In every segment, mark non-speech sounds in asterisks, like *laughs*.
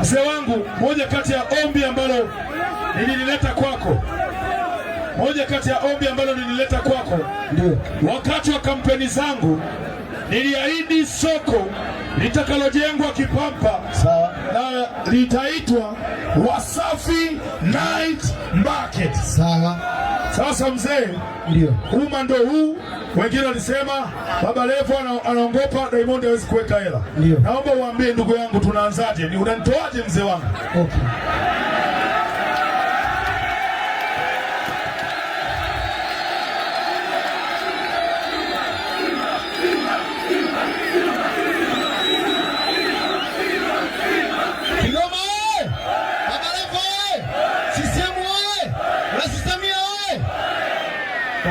Mzee wangu, moja kati ya ombi ambalo nililileta kwako, moja kati ya ombi ambalo nilileta kwako, ndio wakati wa kampeni zangu niliahidi soko litakalojengwa Kipampa sawa, na litaitwa Wasafi Night Market sawa. Sasa mzee, ndio uma ndo huu wengine walisema Baba Levo anaongopa, Diamond hawezi kuweka hela. Naomba uambie ndugu yangu, tunaanzaje? Unanitoaje mzee wangu? Okay.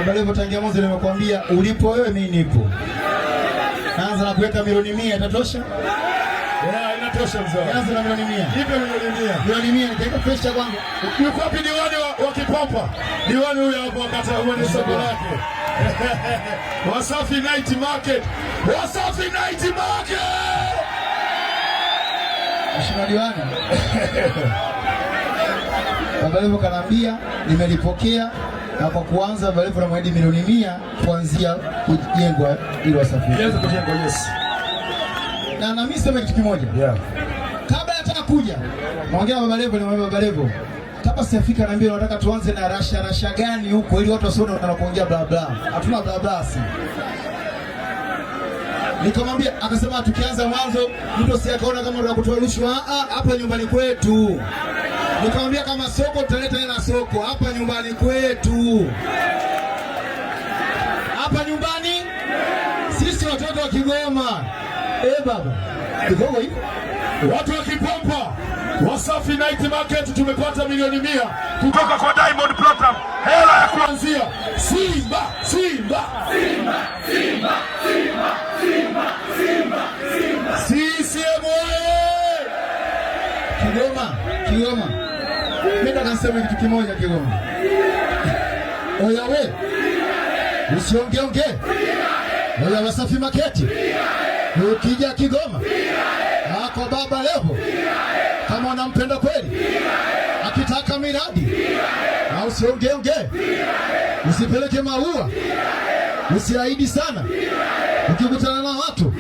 kwamba leo tangia mwanzo nimekuambia ulipo wewe mimi nipo. Naanza na kuweka milioni 100 itatosha? Yeah, inatosha mzee. Naanza na milioni 100. Nipe milioni 100. Milioni 100 nitaweka pesa kwanza. Yuko wapi diwani wa, wa Kipopa? Diwani huyo hapo akata huyo ni soko lake. *laughs* Wasafi Night Market. Wasafi Night Market. Mheshimiwa diwani. *laughs* Baba leo kanaambia nimelipokea na kwa kuanza marefu na maidi milioni mia kuanzia kujengwa ili wasafiri yes. Na nami sema kitu kimoja yeah. Kabla nataka kuja naongea Baba Levo, na Baba Levo kama siafika na nataka tuanze na rasha rasha gani huko, ili watu wasione wanakuongea bla bla. Hatuna bla bla, si nikamwambia, akasema tukianza mwanzo mtu si akaona kama tunatoa rushwa hapa nyumbani kwetu nikamwambia kama soko tutaleta hela soko, hapa nyumbani kwetu, hapa nyumbani sisi watoto wa Kigoma. Eh baba, Kigoma hivi watu wa Kipompa, Wasafi Night Market tumepata milioni mia kutoka kwa Diamond Platinum, hela ya kuanzia Simba, Simba, Simba, Simba, Simba, Simba, Simba, Simba, CCM Kigoma, Kigoma mimi nasema kitu kimoja Kigoma. Oya we. Usionge onge. Oya Wasafi Maketi. Ukija Kigoma. Ako baba leo. Kama unampenda kweli. Akitaka miradi. Na usionge onge. Usipeleke maua. Usiahidi sana. Ukikutana na watu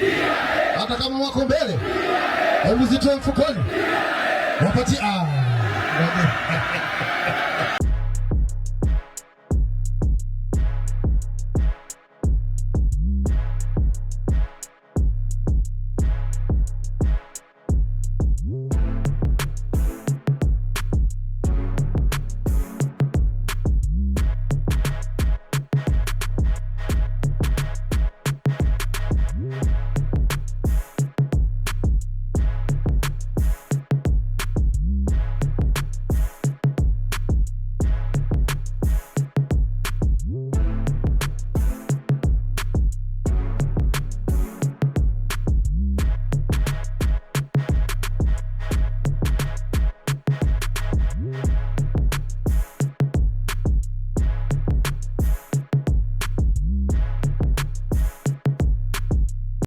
hata kama wako mbele, hebu zitoe mfukoni. wapati ah. ハハハハ。